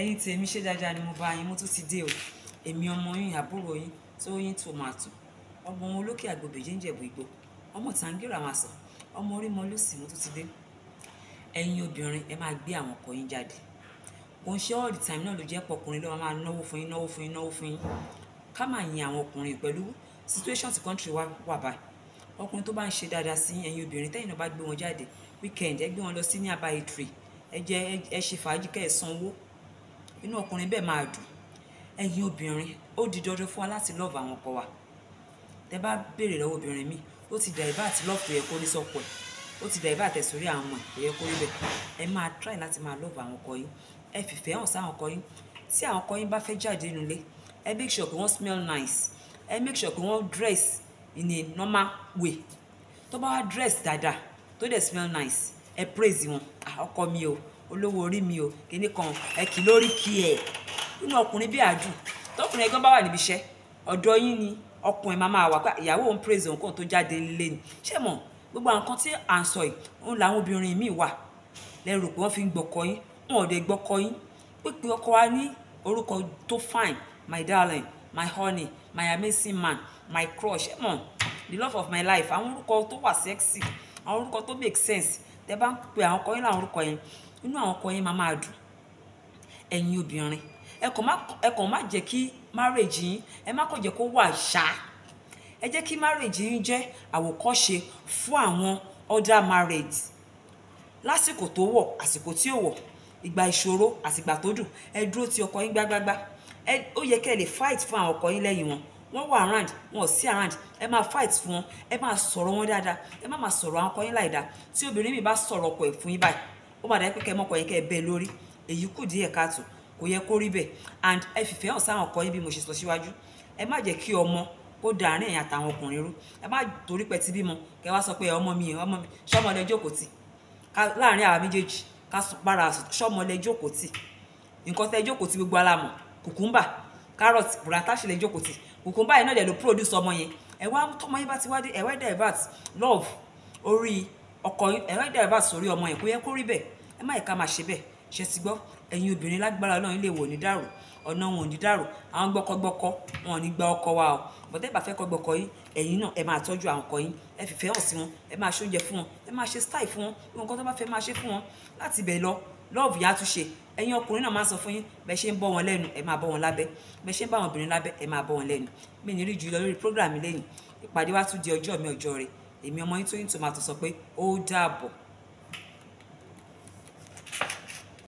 ẹ̀yin tèmi ṣé dáadáa ni mo bá yín mo tún ti dé o èmi ọmọ yín àbúrò yín Tóyìn Tòmátò ọmọ wọn olókè àgbègbè jíjẹ̀bù igbó ọmọ tàǹgìrà máa sọ ọmọ orí mọ lùsì mo tún ti dé ẹ̀yin obìnrin ẹ máa gbé àwọn ọkọ yín jáde òun ṣe all the time náà ló jẹ́ pọkùnrin ló máa náwó fún yín náwó fún yín náwó fún yín ká máa yin àwọn ọkùnrin pẹ̀lú situation ti country wa wà báyìí ọkùnrin tó bá ń ṣe dáadáa sí ẹ̀yin obìnrin tẹ́yìn náà bá gbé wọn jáde weekend ẹ gbé wọn lọ sí ní abáyé tree ẹ jẹ ẹ ṣe fàájì kẹ́ ẹ sanwó inú ọkùnrin bẹ́ẹ̀ máa dùn ẹ̀yin obìnrin ó di dandan fún wa láti lọ́ọ̀bù àwọn ọkọ wa tẹ bá béèrè lọ́wọ́ obìnrin mi ó ti dà ìbá àti lọ́ọ̀bù tó yẹ kó ní sọ́kọ ẹ̀ ó ti dà ìbá àtẹ̀sórí àwọn ọmọ ẹ̀ yẹ kó rí ẹ máa try láti máa lọ́ọ̀bù àwọn ọkọ yín ẹ fìfẹ́ hàn sáwọn ọkọ yín tí àwọn ọkọ yín bá fẹ́ jáde nílé ẹ make sure pé wọ́n smell nice ẹ make sure pé wọ́n dress in a normal way tó bá wá dress dáadáa tó dẹ̀ smell nice ẹ praise wọn ọkọ mi o olówó orí mi o kíní kan ẹ kì lórí kí ẹ nínú ọkùnrin bí àjù tọkùnrin ẹgbẹ́ bá wà níbi iṣẹ́ ọ̀dọ̀ yín ni ọkùnrin máa máa wà pé ìyàwó òun praise òun kóun tó jáde nílé ni ṣé mọ̀ gbogbo nǹkan tí à ń sọ yìí òun làwọn obìnrin míì wà lẹ́rù pé wọ́n fi ń gbọ́kọ yín wọn ò dé gbọ́kọ yín pípé ọkọ wa ní orúkọ tó fine my darling my honey my amazing man my crush ẹ mọ̀ the love of my life àwọn orúkọ tó wà sexy àwọn orúkọ tó make sense tẹ bá ń pe àwọn ọkọ yín láwọn orúkọ yẹn inú àwọn ọkọ yín máa máa dùn ẹ̀yin obìnrin ẹ kàn má jẹ́ kí marriage yín ẹ má kàn jẹ́ kó wà ṣá ẹ jẹ́ kí marriage yín jẹ́ àwòkọ́ṣe fún àwọn other marriage lásìkò tó wọ̀ àsìkò tí ò wọ̀ ìgbà ìṣòro àtìgbà tó dùn ẹ dúró ti ọkọ yín gbágbágbá ẹ ó yẹ kẹ́ ẹ lè fight fún àwọn ọkọ yín lẹ́yìn wọn wọ́n wà around wọn ò sí around ẹ máa fight fún wọn ẹ máa sọ̀rọ̀ wọn dáadáa ẹ má máa sọ̀rọ̀ àwọn ọkọ yín láìdáa tí obìnrin mi bá sọ̀rọ̀ ọkọ ẹ̀ fún yín báyìí ó mà dá pé kẹ́ mọ́kọ yẹn kẹ́ bẹ́ẹ̀ lórí èyí kù díẹ̀ káàtó kò yẹ kó rí bẹ́ẹ̀ and ẹ fìfẹ́ hàn sáwọn ọkọ yín bí mo ṣe sọ síwájú ẹ má jẹ́ kí ọmọ kó dàárín ẹ̀yìn àtàwọn ọkùnrin rú ẹ má torí pẹ́ ti bímọ kẹ́ wá sọ pé ọmọ mi ọmọ mi ṣọ́mọlẹ jókòó tì láàrin àwa méjèèjì ká para ṣọ́mọlẹ jókòó tì nǹkan tẹ́ jókòó tì gbogbo alamọ̀ kùkúmbà carrot burata ṣe lè kùkúmbà yẹn náà dẹ̀ ló produce ọmọ yẹn ẹ wá tọmọ yín bá ti wá dé ẹ wá divert love orí ọkọ ẹlẹ́dàá bá sórí ọmọ yẹn kó yẹ kó rí bẹ́ẹ̀ ẹ má yẹ ká máa ṣe bẹ́ẹ̀ ṣe ti gbọ́ ẹ̀yin obìnrin lágbára ọlọ́run lè wò ní dàrú ọ̀nà wọn ò ní dàrú àwọn gbọ́kọ́gbọ́kọ́ wọn ò ní gba ọkọ wa o bọ́tẹ́ ìbá fẹ́ kọ́ gbọ́kọ yín ẹ̀yin náà ẹ máa tọ́jú àwọn ọkọ yín ẹ fìfẹ́ hàn sí wọn ẹ máa ṣoúnjẹ fún wọn ẹ máa ṣe style fún wọn ìwọ̀n kan tó bá fẹ́ máa ṣe fún wọn láti ibẹ̀ lọ lọ́ọ̀bù yá túnṣe ẹ̀yin ọkùnrin náà máa sọ fún yín bẹ́ẹ̀ ṣe ń bọ́ wọn lẹ́nu ẹ máa bọ́ wọn lábẹ́ bẹ́ẹ̀ ṣe ń bá àwọn obìnrin lábẹ́ ẹ máa bọ́ wọn lẹ́nu mi ní rí jùlọ lórí program lẹ́yìn ìpàdé wa tún di ọjọ́ mi ọjọ́ rẹ̀ èmi ọmọ yín Tóyìn Tòmátò sọ pé ó dàbọ̀.